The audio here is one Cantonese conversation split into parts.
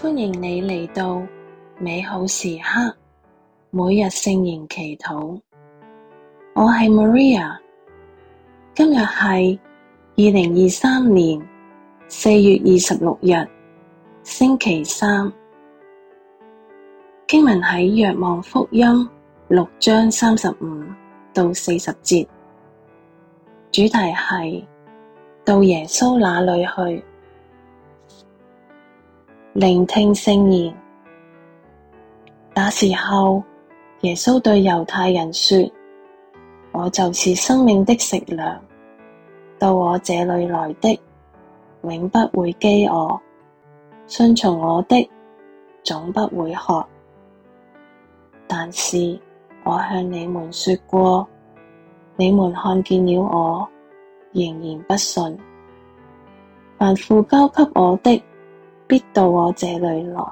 歡迎你嚟到美好時刻，每日聖言祈禱。我係 Maria，今日係二零二三年四月二十六日，星期三。經文喺《若望福音》六章三十五到四十節，主題係到耶穌那裏去。聆聽聖言。那時候，耶穌對猶太人說：我就是生命的食糧，到我這裏來的，永不會饑餓；信從我的，總不會渴。但是我向你們說過，你們看見了我，仍然不信。凡父交給我的必到我這裏來，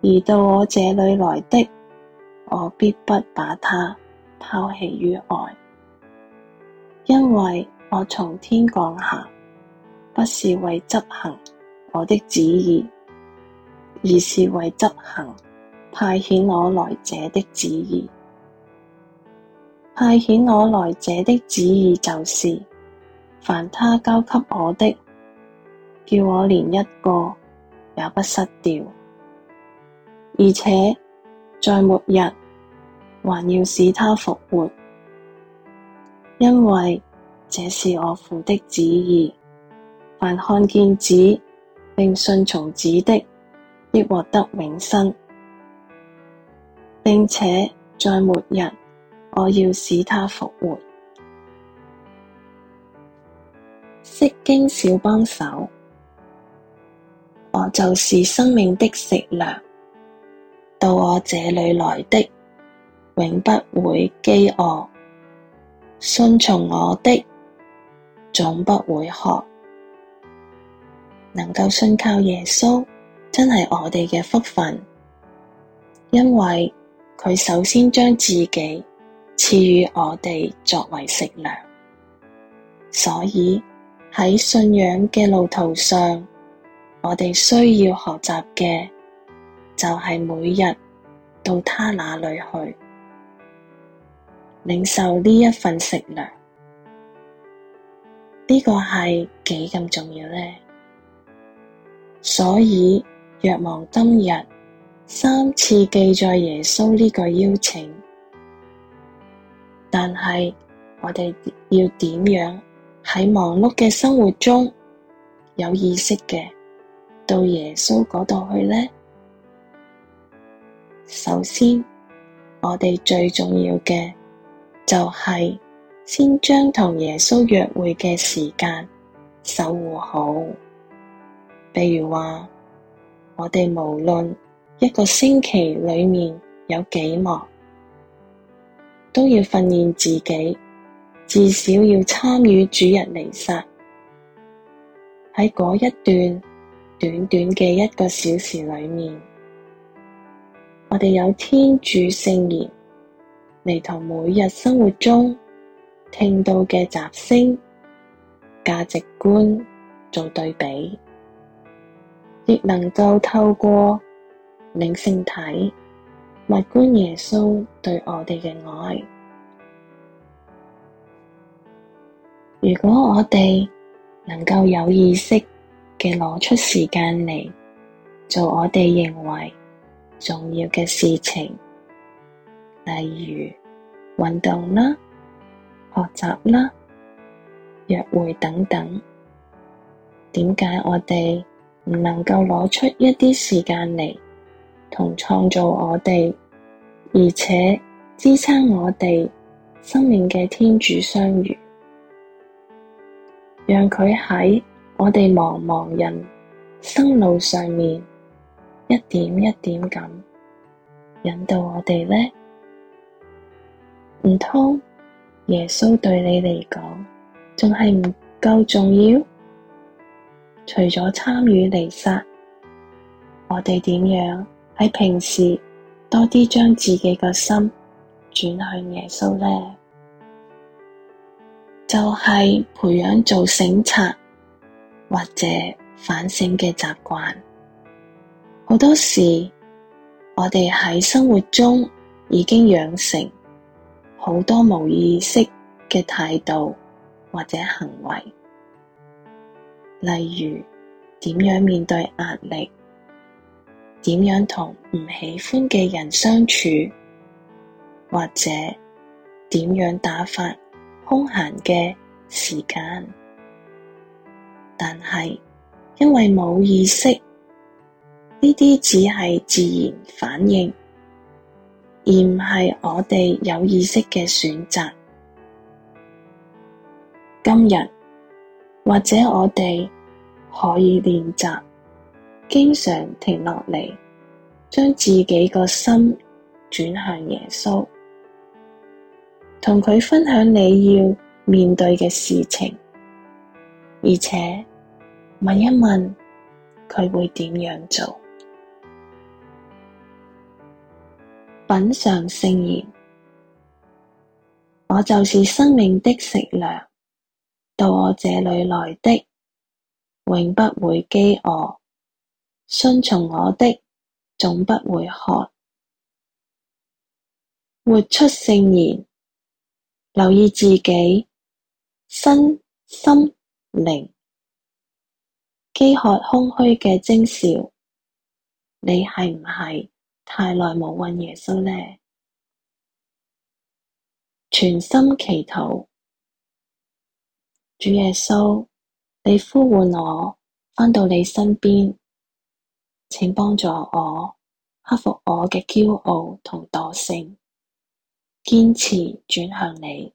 而到我這裏來的，我必不把他拋棄於外，因為我從天降下，不是為執行我的旨意，而是為執行派遣我來者的旨意。派遣我來者的旨意就是，凡他交給我的，叫我連一個，也不失掉，而且在末日還要使他復活，因為這是我父的旨意。凡看見子，並信從子的，必獲得永生，並且在末日，我要使他復活。釋經小幫手。我就是生命的食糧，到我這裏來的永不會饑餓，信從我的總不會渴。能夠信靠耶穌，真係我哋嘅福分，因為佢首先將自己賜予我哋作為食糧，所以喺信仰嘅路途上，我哋需要學習嘅就係、是、每日到他那裏去領受呢一份食糧。呢、這個係幾咁重要咧？所以若望今日三次記載耶穌呢個邀請，但係我哋要點樣喺忙碌嘅生活中有意識嘅？到耶穌嗰度去咧。首先，我哋最重要嘅就係先將同耶穌約會嘅時間守護好。譬如話，我哋無論一個星期裏面有幾忙，都要訓練自己至少要參與主日彌撒。喺嗰一段。短短嘅一個小時裏面，我哋有天主聖言嚟，同每日生活中聽到嘅雜聲、價值觀做對比，亦能夠透過領聖體默觀耶穌對我哋嘅愛。如果我哋能夠有意識嘅攞出時間嚟做我哋認為重要嘅事情，例如運動啦、學習啦、約會等等。點解我哋唔能夠攞出一啲時間嚟同創造我哋，而且支撐我哋生命嘅天主相遇，讓佢喺我哋茫茫人生路上面，一點一點咁引導我哋呢。唔通耶穌對你嚟講仲係唔夠重要？除咗參與彌撒，我哋點樣喺平時多啲將自己嘅心轉向耶穌呢？就係、是、培養做省察。或者反省嘅習慣，好多時我哋喺生活中已經養成好多無意識嘅態度或者行為，例如點樣面對壓力，點樣同唔喜歡嘅人相處，或者點樣打發空閒嘅時間。但係，因為冇意識，呢啲只係自然反應，而唔係我哋有意識嘅選擇。今日或者我哋可以練習，經常停落嚟，將自己個心轉向耶穌，同佢分享你要面對嘅事情。而且問一問佢會點樣做？品嚐聖言，我就是生命的食糧，到我這裏來的，永不會飢餓；信從我的，總不會渴。活出聖言，留意自己身心，身靈飢渴空虛嘅徵兆，你係唔係太耐冇揾耶穌呢？全心祈禱，主耶穌，你呼喚我返到你身邊，請幫助我克服我嘅驕傲同惰性，堅持轉向你。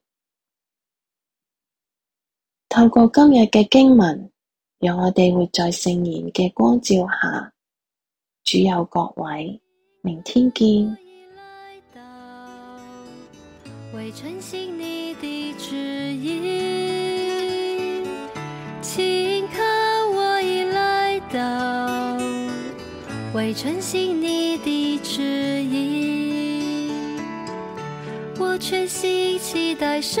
透過今日嘅經文，讓我哋活在聖言嘅光照下。主佑各位，明天見。為承行你的旨意，請看，我已來到，為承行你的旨意，我全心期待守。